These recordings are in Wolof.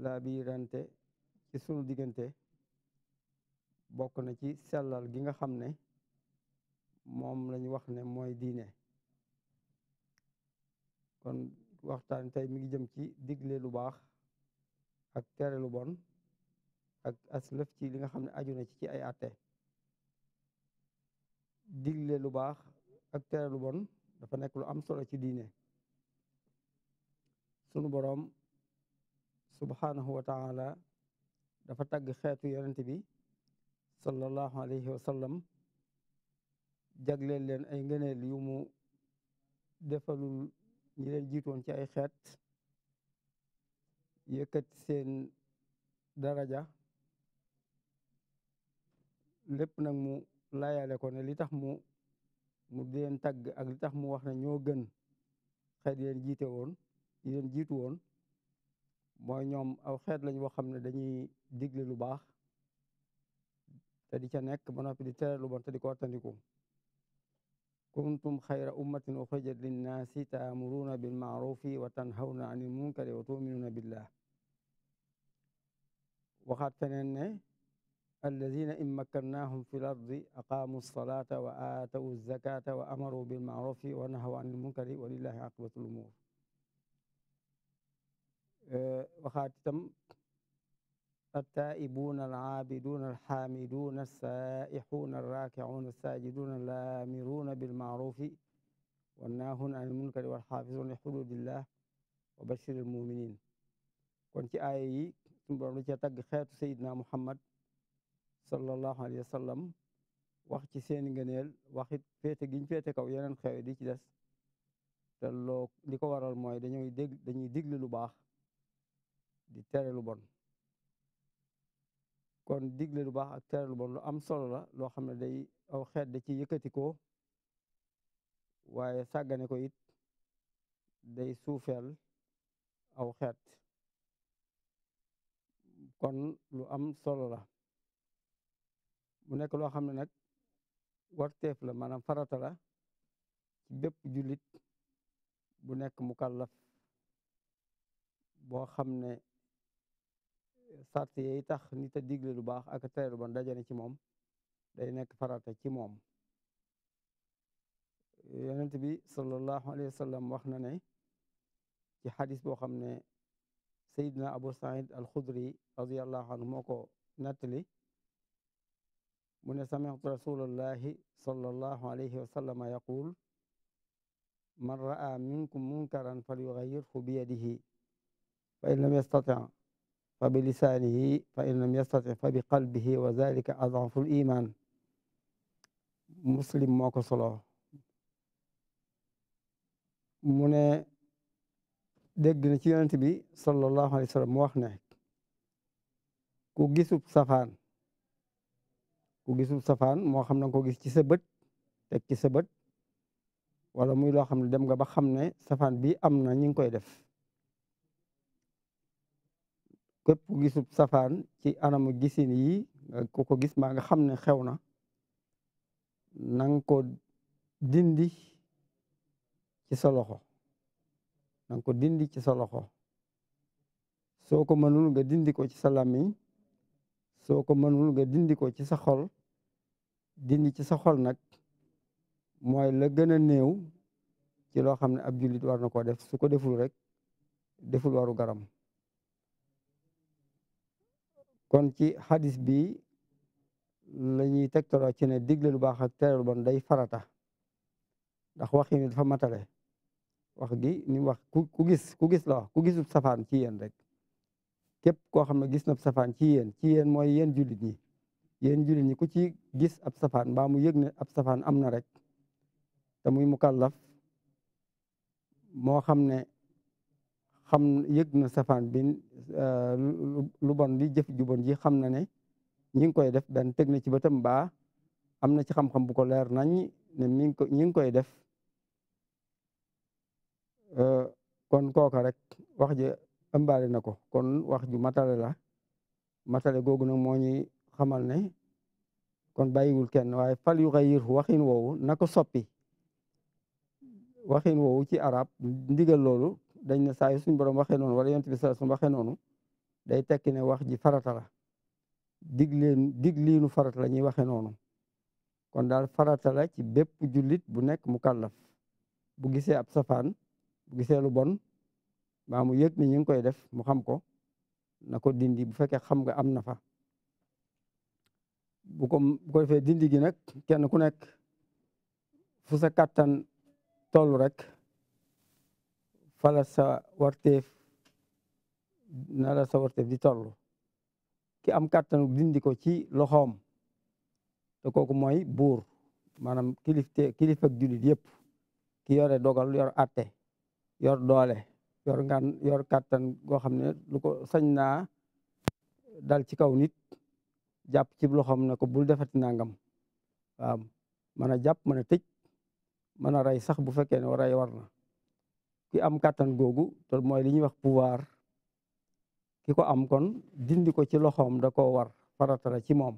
bi biirante ci sunu diggante bokk na ci sellal gi nga xam ne moom lañu wax ne mooy diine kon waxtaan tey mi ngi jëm ci digle lu baax ak tere lu bon ak aslëf ci li nga xam ne aju na ci ci ay àtte digle lu baax ak tere lu bon dafa nekk lu am solo ci diine sunu boroom subhaanahu wa taala dafa tàgg xeetu yonent bi sallallahu alayhi wa sallam jagleel leen ay ngëneel yu mu defalul ñi leen jiitoon ci ay xeet yëkkat seen daraja lépp nag mu layaale ko ne li tax mu mu di leen tàgg ak litax mu wax ne ñoo gën xet yi leen jiite woon yi leen jiitu woon mooy ñoom aw xeet lañ woo xam ne dañuy digle lu baax te di ca nekk ba noppi di tere lu bon te di ko wattandiku kuntum xayra ummatin uxrijat linnaasi taamuruuna bilmaarufi wa tanhawna anil munkari wa tuminuuna billah waxaat feneen ne alladina in makkannahum fi l ardi aqaamu salata wa aatawu zakata wa amaru bilmaarufi wa nahaw anil munkari wa lillahi aqibatu l umuur waxaat itam attaa'ibuuna al'aabiduuna alxaamiduuna assaa'ixuuna alraakicuuna assaajiduuna allaamiruuna bilmacruufi wannaahuuna anil munkari walxaafizuuna li xuduudillah wa bashiril muminin kon ci aaya yi suñu borom lu ca tagg xeetu sayidna muhammad sallallahu alayhi wa sallam wax ci seen ngëneel waxit féete giñ féete kaw yeneen xew di ci des te loo li ko waral mooy dañuy dégg dañuy digle lu baax di tere lu bon kon digle lu baax ak tere lu bon lu am solo la loo xam ne day aw xeet da ci yëkkatikoo waaye sàggane ko it day suufeel aw xeet kon lu am solo la mu nekk loo xam ne nag warteef la maanaam farata la ci bépp jullit bu nekk mu kàllaf boo xam ne sart yi tax nit a digle lu baax ak tere bon dajane ci moom day nekk farata ci moom yonent bi sallallahu alayhi wa sallam wax na ne ci xadis boo xam ne sayidna abu said alxudri radiallahu anhu moo ko nattali mu ne samitu rasulallahi sallallahu alayhi wa sallama yaqul man raa minkum munkaran falyughayyirhu biyadihi fa in lam yastati fa bi lisaanihi fa in lam yastati fa bi qalbihi wa zalika adaful iman muslim moo ko solo mu ne dégg na ci yonent bi sallallahu alayhi wa sallam mu wax ne ku gisub safaan ku gisub safaan moo xam na ko gis ci sa bët teg ci sa bët wala muy loo xam ne dem nga ba xam ne safaan bi am na ñu ngi koy def képp ku safaan ci anamu gisin yi ku ko gis maa nga xam ne xew na nang ko dindi ci sa loxo nang ko dindi ci sa loxo soo ko mënul nga dindi ko ci sa làmmiñ soo ko mënul nga dindi ko ci sa xol dindi ci sa xol nag mooy la gën a néew ci loo xam ne ab jullit war na koo def su ko deful rek deful waru garam kon ci hadis bi la ñuy tegtaloo ci ne digle lu baax ak tere lu bon day farata ndax wax yi dafa matale wax gi ni mu wax ku gis ku gis la wax ku gis safaan ci yéen rek képp koo xam ne gis na safaan ci yéen ci yéen mooy yéen jullit ñi yéen jullit ñi ku ci gis ab safaan mbaa mu yëg ne ab safaan am na rek te muy mukallaf moo xam ne xam yëg na safaan bi euh, lu bon li jëf ju ji xam na ne ñi ngi koy def dan teg na ci bëtam baa am na ci xam-xam bu ko leer nañ ne mi ngi ko ñi ngi koy def euh, kon kooka rek wax ji ëmbaale na ko kon wax ju matale la matale googu nag moo ñuy xamal ne kon bàyyiwul kenn waaye fal yu xayir waxin woowu na ko soppi waxin woowu ci arab ndigal loolu dañ ne saa yu suñ borom waxee noonu wala yonent bi saa su waxee noonu day tekki ne wax ji farata la dig leen dig la ñuy waxee noonu kon daal faratala ci bépp jullit bu nekk mu kàllaf bu gisee ab safaan bu gisee lu bon maa mu yëg ni ñu ngi koy def mu xam ko na ko dindi bu fekkee xam nga am na fa bu ko bu ko defee dindi gi nag kenn ku nekk fu sa kàttan tolu rek fala sa warteef na sa warteef di toll ki am kàttanu dindi ko ci loxoom te kooku mooy buur maanaam kilifte kilifa ak jullit yëpp ki yore dogal yor atte yor doole yor ngan yor kàttan goo xam ne lu ko sañ naa dal ci kaw nit jàpp ci loxoom ne ko bul defati nangam waaw mën a jàpp mën a tëj a rey sax bu fekkee ne rey war ki am kàttan googu te mooy li ñuy wax pouvoir ki ko am kon dindi ko ci loxoom da koo war faratala ci moom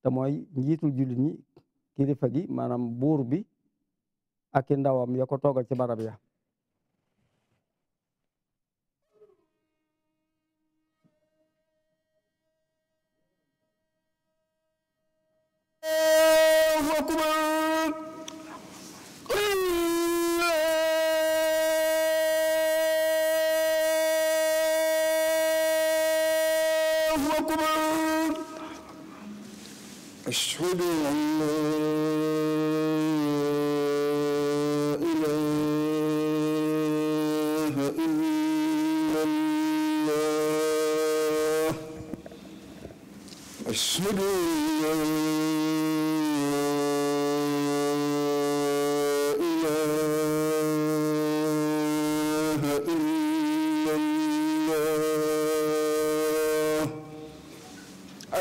te mooy njiitul jullit ñi kilifa gi maanaam buur bi ak i ndawam ya ko toogal ci barab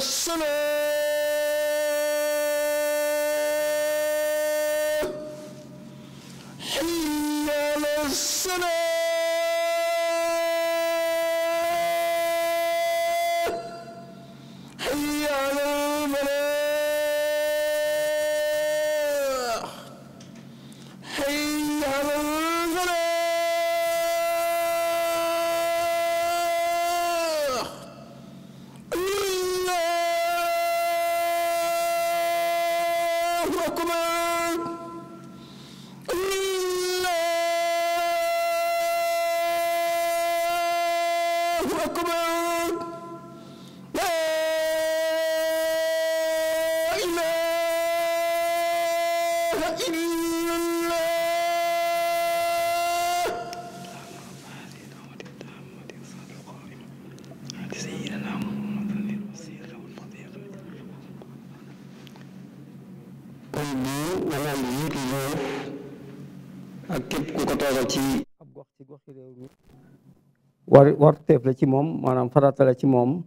selon war warteef la ci moom maanaam farata la ci moom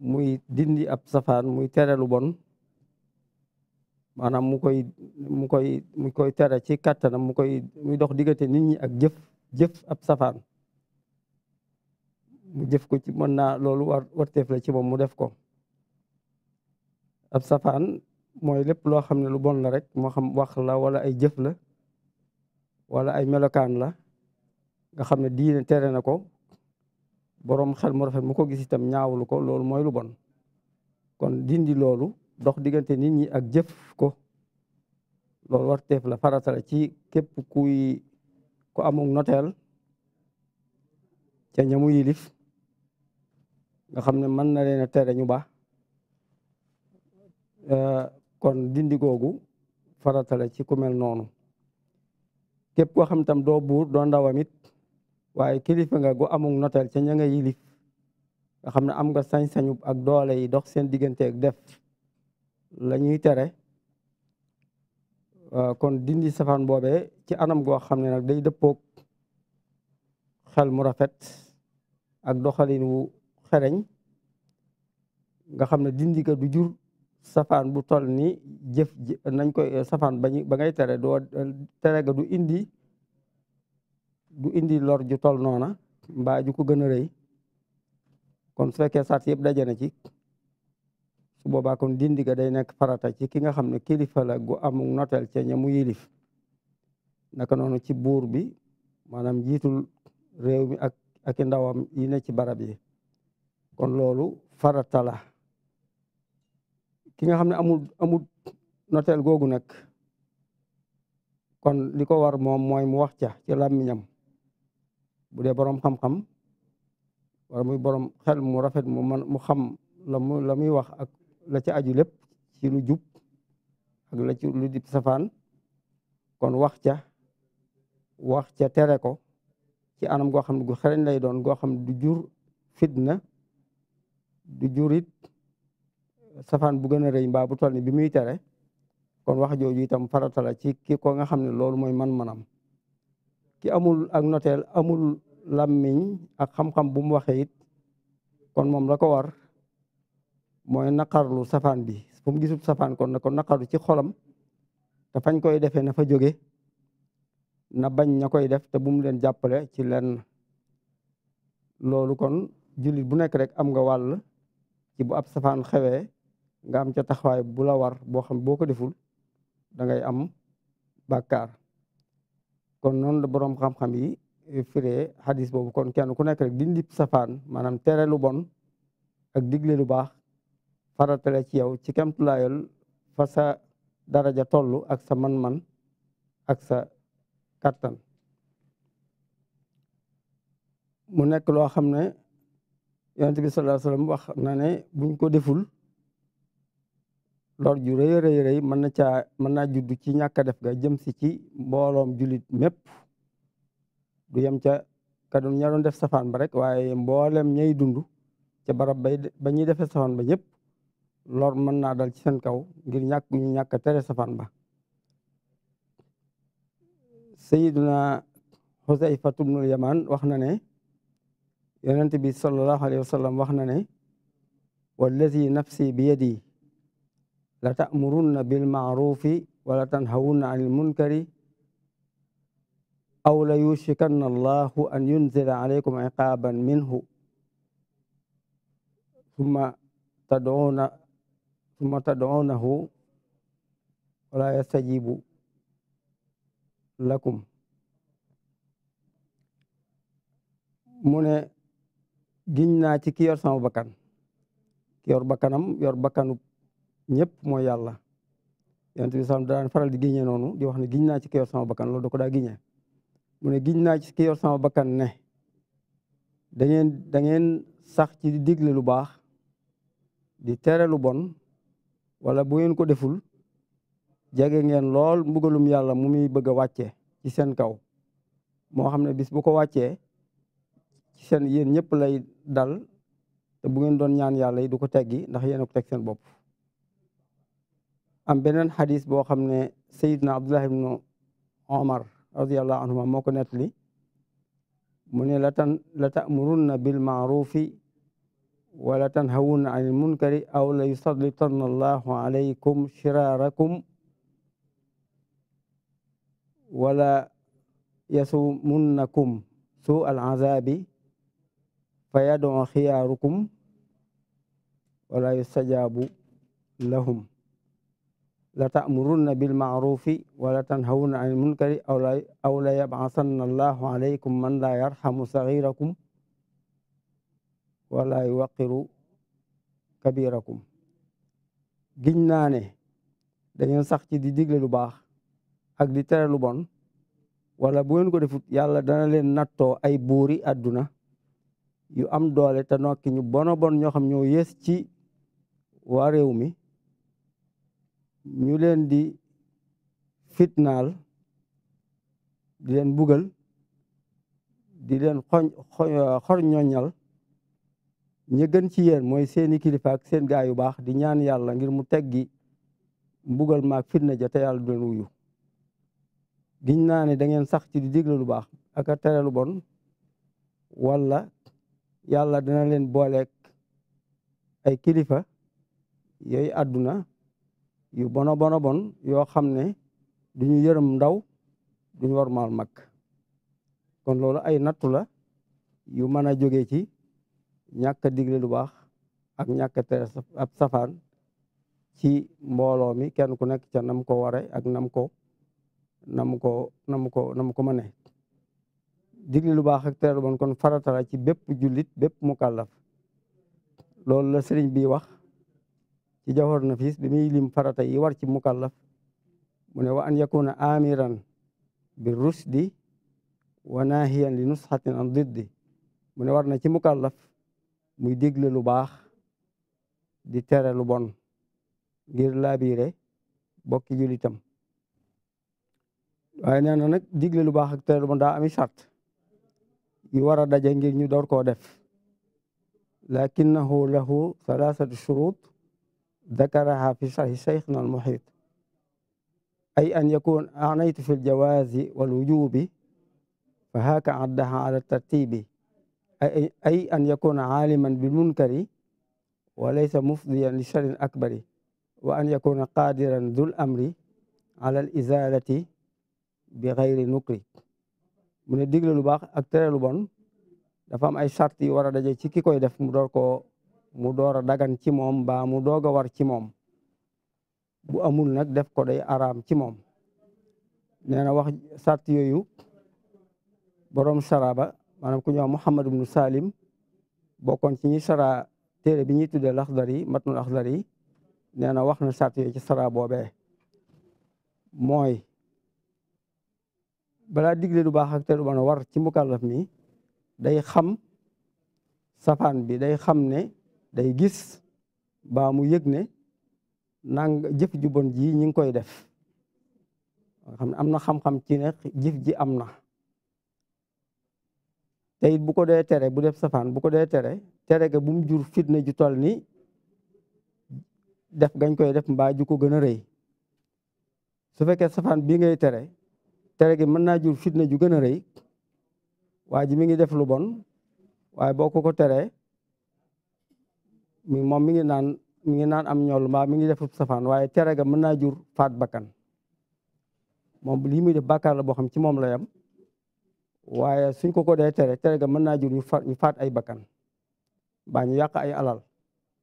muy dindi ab safaan muy tere lu bon maanaam mu koy mu koy mu koy tere ci kàttanam mu koy muy dox diggate nit ñi ak jëf jëf ab safaan mu jëf ko ci mën naa loolu war warteef la ci moom mu def ko ab safaan mooy lépp loo xam ne lu bon la rek moo xam wax la wala ay jëf la wala ay melokaan la nga xam ne diine tere na ko boroom xel mu rafet mu ko gis itam ñaawlu ko loolu mooy lu bon kon dindi loolu dox diggante nit ñi ak jëf ko loolu war teef la farata ci képp kuy ku amug noteel ca ñamu yilif nga xam ne mën na leen a tere ñu baax euh, kon dindi googu farata ci ku noonu képp koo xam tam doo buur doo ndawam it waaye kilifa nga gu amul noteel ca ña nga yilif nga xam ne am nga sañ-sañu ak doole yi dox seen diggante ak def la ñuy tere euh, kon dindi safaan boobe ci anam goo xam ne nag day xel mu rafet ak doxalin wu xereñ nga xam ne dindi ka du jur safaan bu tol ni jëf nañ koy safaan ba ngay tere doo tere ga du indi du indi lor ju tol noona mbaa ju ko gën a rëy kon su fekkee sart yëpp daje na ci su boobaa kon dindi ga day nekk farata ci ki nga xam ne kilifala la gu amuk noteel ca ña mu yilif naka noonu ci buur bi maanaam jiitul réew mi ak ak ndawam yi ne ci barab yi kon loolu farata la ki nga xam ne amul amul noteel googu nag kon li ko war moom mooy mu wax ca ci làmmiñam bu dee boroom xam-xam wala muy boroom xel mu rafet mu man mu xam la mu la muy wax ak la ca aju lépp ci lu jub ak la ci lu dib safaan kon wax ca wax ca tere ko ci anam goo xam ne gu xereñ lay doon goo xam ne du jur fitna du jur it safaan bu gën a rëy mbaa bu toll ni bi muy tere kon wax jooju itam farata la ci ki ko nga xam ne loolu mooy man-manam ki amul ak noteel amul làmmiñ ak xam-xam bu mu waxee it kon moom la ko war mooy naqarlu safaan bi fu mu gisub safaan kon na ko naqarlu ci xolam te fañ koy defee na fa jóge na bañ na koy def te bu mu leen jàppale ci lenn loolu kon jullit bu nekk rek am nga wàll ci bu ab safaan xewee nga am ca taxawaay bu la war boo xam boo ko deful dangay ngay am bàkkaar kon noonu la boroom xam-xam yi eh, fire xadis boobu kon kenn ku nekk rek dindi safaan maanaam tere lu bon ak digle lu baax faratale ci yow ci kemtulaayol fa sa daraja toll ak sa man-man ak sa kattan mu nekk loo xam ne yonent bi sallallahu alayhi wax na ne buñ ko deful lor ju rëy rëy rëy mën na caa mën naa judd ci ñàkk a def ga jëm si ci mbooloom julit mépp du yem ca ka doon ña doon def safaan ba rek waaye mboolem ñay dund ca barab bay ba ñuy defe safaan ba ñëpp lor mën naa dal ci seen kaw ngir ñàkk ñàkk a tere safaan ba sayiduna xusayfa tubnul yaman wax na ne yonent bi sallallahu alayhi wa wax na ne wallazi nafsi bi yadi la ta'murunna bil ma'rufi wala tanhawunna anil munkari aw la yushikanna allahu an yunzila alaykum iqaban minhu summa tad'una summa tad'unahu wala yastajibu lakum mu ne giñ naa ci ki yor sama bakkan ki yor bakkanam yor bakkanu ñëpp mooy yàlla yonent bi sax daan faral di giññee noonu di wax ne giñ naa ci ki yor sama bakkan loolu da ko daa giññee mu ne giñ naa ci ki yor sama bakkan ne da ngeen sax ci di digle lu baax di tere lu bon wala bu ngeen ko deful jege ngeen lool mbugalum yàlla mu muy bëgg a wàccee ci seen kaw moo xam ne bis bu ko wàccee ci seen yéen ñëpp lay dal te bu ngeen doon ñaan yàlla yi du ko teggi ndax yéen a ko teg seen bopp am beneen xadis boo xam ne sayidna abdullah ibnu omar radiallahu anhuma moo ko nettali mu ne latan la tamurunna bilmaarufi wa la tanhawunna an il munkari aw la yusallitanna allahu alaykum shiraarakum wala yasumunnakum suu al azabi fa yadoo xiyaarukum wala yustajabu lahum la ta'murunna bil ma'rufi wa la tanhawunna anil munkari aw la yab'athanna Allahu alaykum man la yarhamu saghirakum wa la yuwaqqiru kabirakum giñ naa ne dañu sax ci di digle lu baax ak di tere lu bon wala bu ngeen ko defut yàlla dana leen nattoo ay buuri àdduna yu am doole te nokki ñu bono bon ñoo xam ñoo yées ci waa réew mi ñu leen di fitnaal di leen bugal di leen xoñ xor ñoñal ñi gën ci yéen mooy seeni kilifaak seen gaay yu baax di ñaan yàlla ngir mu teggi mbugal maak fitna ja te yàlla du leen wuyu giñ naa ne da sax ci di digle lu baax ak tere lu bon wala yàlla dana leen booleek ay kilifa yooyu àdduna yu bono bono bon yoo xam ne du ñu yërëm ndaw du ñu war maal mag kon loolu ay nattu la yu mën a jógee ci ñàkk a digle lu baax ak ñàkk a tere safaan ci mbooloo mi kenn ku nekk ca nam ko waree ak nam ko nam ko nam ko nam ko mëne digle lu baax ak tere lu bon kon farata ci bépp jullit bépp mukallaf loolu la sëriñ bi wax ci jawhar nafis bi muy lim farata yi war ci mukallaf mu ne wa an yakuna amiran bi rusdi wa nahiyan li nusxatin an diddi mu ne war na ci mukallaf muy digle lu baax di tere lu bon ngir laabiire bokki julitam waaye nee na nag digle lu baax ak tere lu bon daa ami sart yu war a daje ngir ñu door koo def lakinnahu lahu salaasatu ذكرها في شرح شيخنا المحيط أي أن يكون أعنيت في الجواز والوجوب فهاك عدها على الترتيب أي, أي أن يكون عالما بالمنكر وليس مفضيا لشر أكبر وأن يكون قادرا ذو الأمر على الإزالة بغayri nukri mu ne digle lu baax ak tere lu bon dafa am ay sart yu war a daje ci ki koy def mu door koo mu door a dagan ci moom ba mu doog a war ci moom bu amul nag def ko day araam ci moom nee na wax sart yooyu boroom saraba maanaam ku ñu wax Muhammad ibnu Salim bokkoon ci ñi sara téere bi ñuy tuddee Laxdari matnul Laxdari nee na wax na sart yooyu ci sara boobee mooy balaa digle du baax ak te du mën war ci mukallaf mi day xam safaan bi day xam ne day gis baa mu yëg ne nang jëf ju bon ji ñi ngi koy def xam ne am na xam-xam ci ne jëf ji am na te bu ko dee tere bu def safaan bu ko dee tere tere ga bu mu jur fitna ju toll ni def gañ koy def mbaa ju ko gën a rëy su fekkee safaan bi ngay tere tere gi mën naa jur fitna ju gën a rëy waa ji mi ngi def lu bon waaye boo ko teree mi moom mi ngi naan mi ngi naan am ñoolu mbaa mi ngi def safaan waaye tere ga mën naa jur faat bakkan moom lii muy def bàkkaar la boo xam ci moom la yam waaye suñ ko ko dee tere tere ga mën naa jur ñu faat ñu faat ay bakkan baa ñu yàq ay alal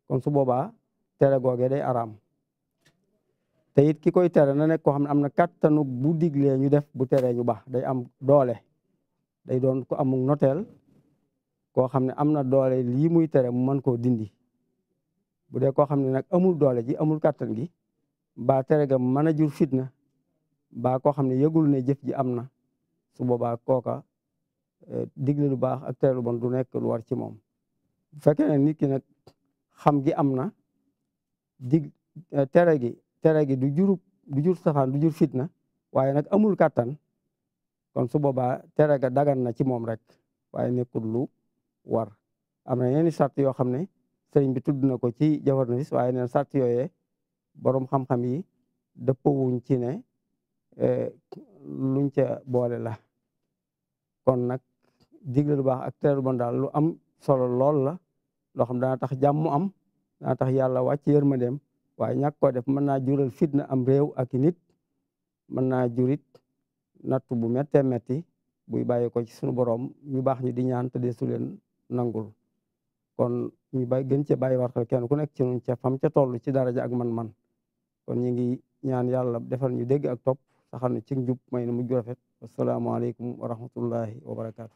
kon su boobaa tere googee day araam te it ki koy tere na nekk koo xam ne am na kattanu bu diglee ñu def bu teree ñu baax day am doole day doon ko amul noteel koo xam ne am na doole lii muy tere mu mën koo dindi bu dee koo xam ne nag amul doole ji amul kattan gi ba tere ga mën a jur na ba koo xam ne yëgul ne jëf ji am na su boobaa kooka eh, digle lu baax ak tere lu bon du nekk lu war ci moom bu fekkee ne nit ki nag xam gi am na dig eh, tere gi tere gi du jurub du jur safaan du jur na waaye nag amul kàttan kon su boobaa tere ga dagan na ci moom rek waaye nekkul lu war am na yeneen sart yoo xam ne sëriñ bi tudd na ko ci Jawarnavis waaye neen sart yooyee borom xam-xam yi dëppowuñ ci ne eh, luñ ca boole la kon nag digle lu baax ak tere bon daal lu am solo lool la loo xam dana tax jàmm am dana tax yàlla wàcc yërmandeem waaye ñàkk koo def mën naa jural fitna am réew ak nit mën naa jurit nattu bu méttee metti buy bàyyi ko ci sunu borom ñu baax ñi di ñaan te deesu leen nangul kon ñu bay gën cee bàyyi war kenn ku nekk ci nun ca ca toll ci daraja ak man-man kon ñu ngi ñaan yàlla defal ñu dégg ak topp saxal na ci njub may na mujj rafet wasalaamaaleykum wa rahmatullahi wa barakaatu.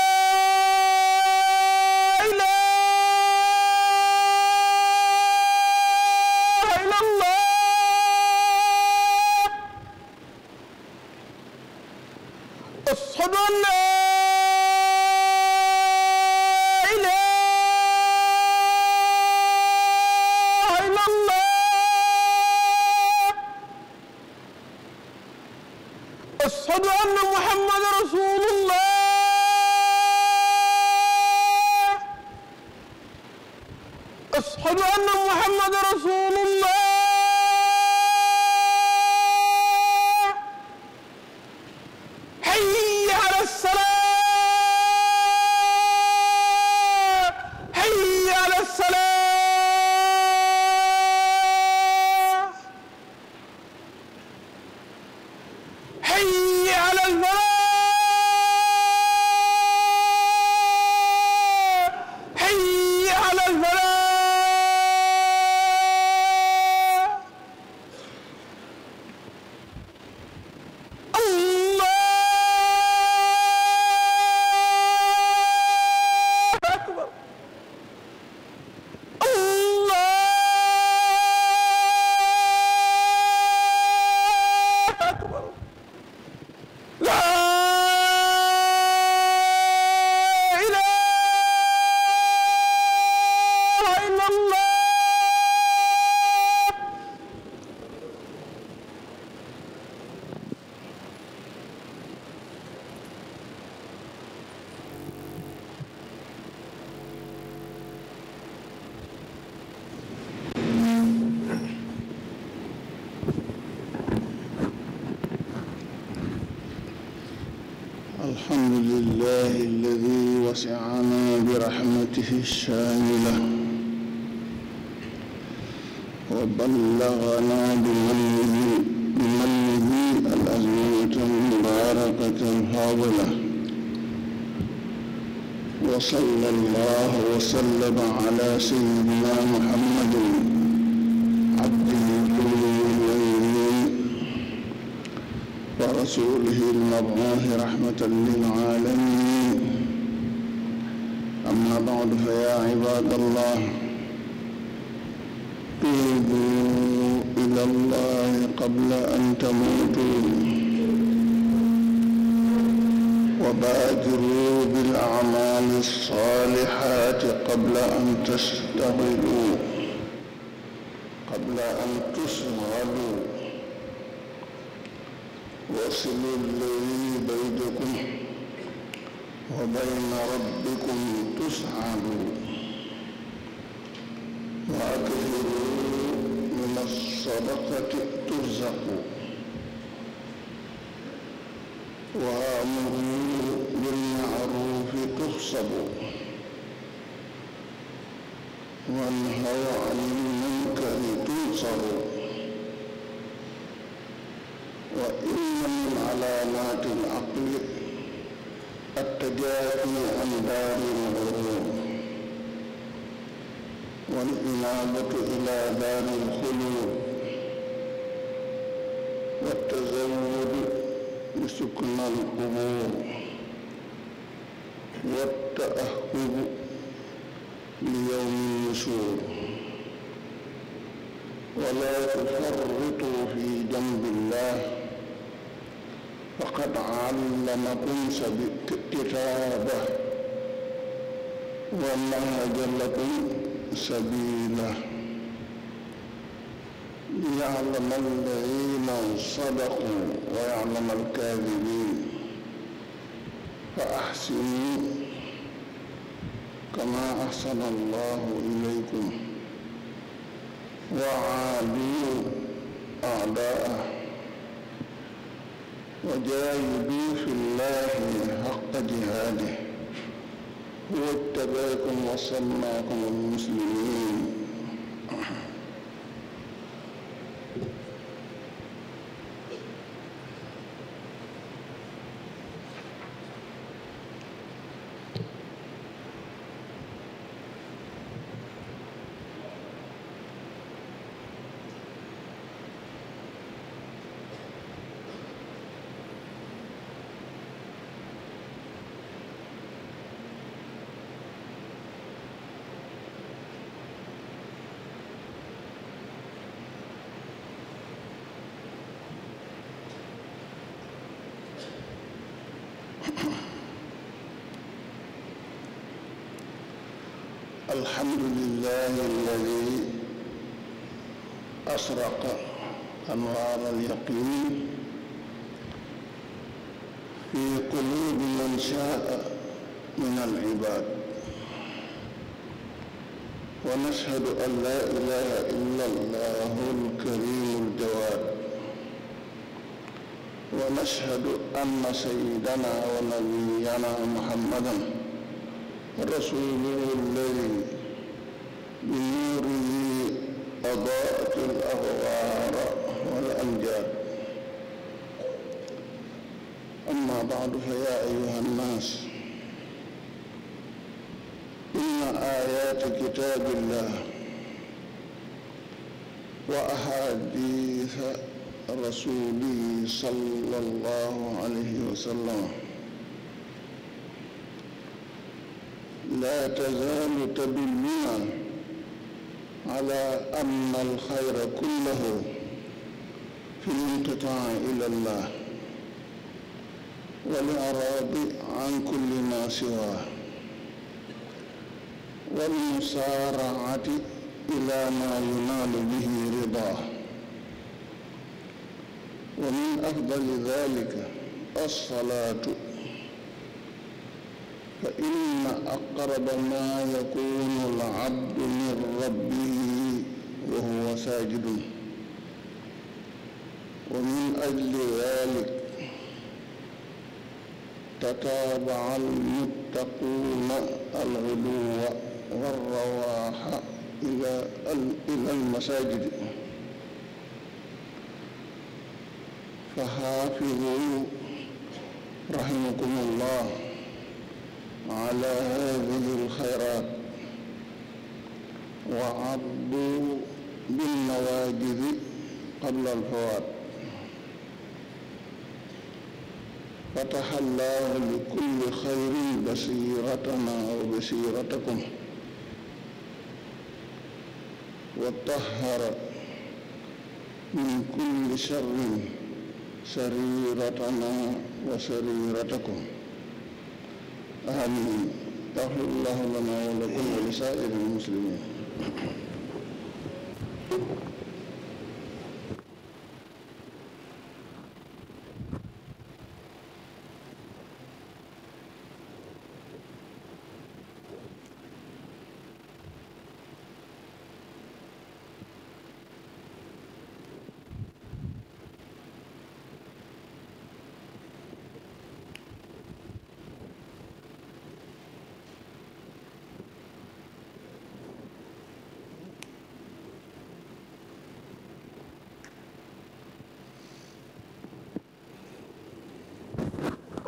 المواقف الشاملة وبلغنا بمنه الأزمنة المباركة الفاضلة وصلى الله وسلم على سيدنا محمد عبده المؤمنين ورسوله المبعوث رحمة للعالمين أما بعد فيا عباد الله توبوا إلى الله قبل أن تموتوا وبادروا بالأعمال الصالحات قبل أن تشتغلوا قبل أن تشغلوا وصلوا الذي بيدكم وبين ربكم تسعدون وأكثروا من الصدقة ترزقوا وآمروا بالمعروف تحسبوا وانهوا عن المنكر تنصروا وإن من علامات العقل وجاء في الباب الغلو والإنابة إلى دار الخلود والتزود بسكن القبور والتأهب ليوم النشور ولا تفرطوا في جنب الله faqad allamakum kitaabah wa mahhaja lakum sabiilah liya'lam alladhiina sadaqu wa ya'lam al-kaadhibiin fa ahsinu kama ahsana allahu ilaykum wa aadiyu a'daa'ahu وجاهدوا في الله حق جهاده هو اتباكم وسماكم المسلمين الحمد لله الذي أشرق أنوار اليقين في قلوب من شاء من العباد ونشهد أن لا إله إلا الله الكريم الجواد ونشهد أن سيدنا ونبينا محمدا رسوله الذي بنوره أضاءت الأغوار والأنجاب أما بعد فيا أيها الناس إن آيات كتاب الله وأحاديث رسوله صلى الله عليه وسلم لا تزال تبين على أن الخير كله في الانقطاع إلى الله والإعراض عن كل ما سواه والمسارعة إلى ما ينال به رضاه ومن أفضل ذلك الصلاة فإن أقرب ما يكون العبد من ربه وهو ساجد ومن أجل ذلك تتابع المتقون الغدو والرواح إلى إلى المساجد فحافظوا رحمكم الله على هذه الخيرات وعضوا بالنواجذ قبل الفوات فتح الله لكل خير بصيرتنا وبصيرتكم وطهر من كل شر سريرتنا وسريرتكم أهلهم تغفر الله لنا ولكم ولسائر المسلمين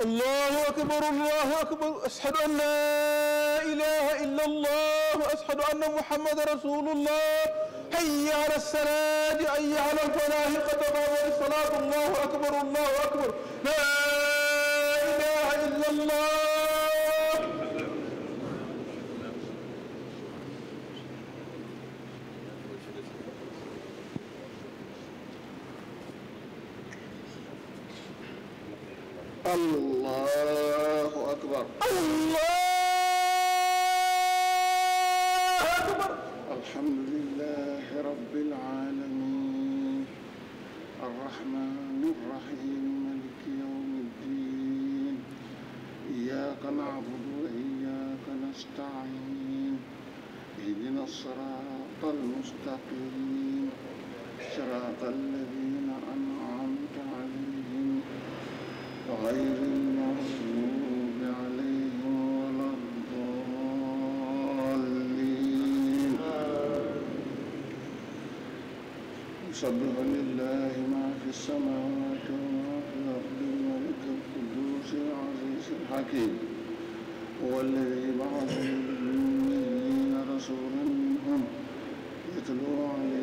allahu akbar allahu akbar ashhadu an laa ilaha illa allah ashhadu anna muhammadan rasulullah hayya ala salaati hayya ala alfalahi qad qaamati salaatu allahu akbar allahu akbar يسبح لله ما في السماوات وما في الأرض الملك القدوس العزيز الحكيم هو الذي بعث للأميين رسولا منهم يتلو عليهم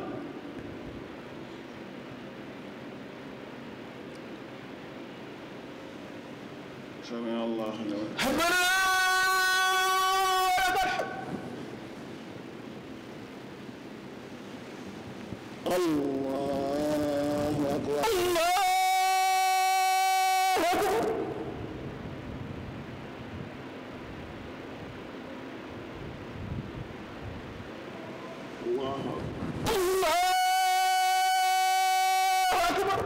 سمع الله لمن حمدا ولك الحمد الله أكبر الله أكبر الله أكبر الله أكبر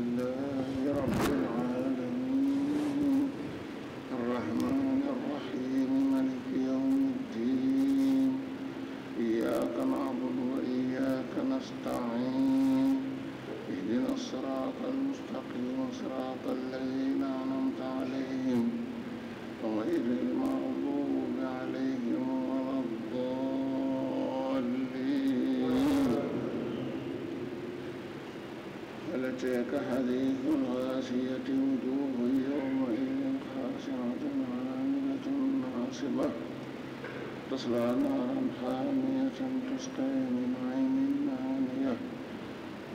تصلى نارا حامية تسقى من عين آنية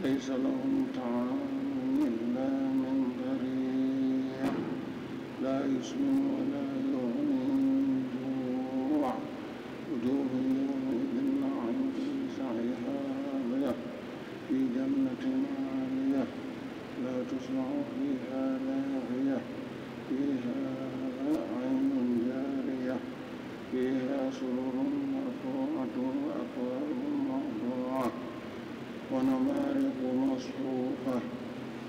ليس لهم طعام إلا من ضريع لا يسمن ولا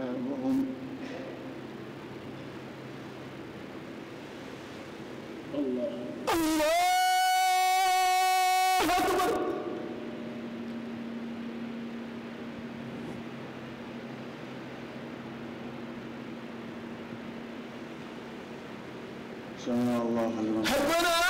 آباءهم الله الله أكبر سمع الله لمن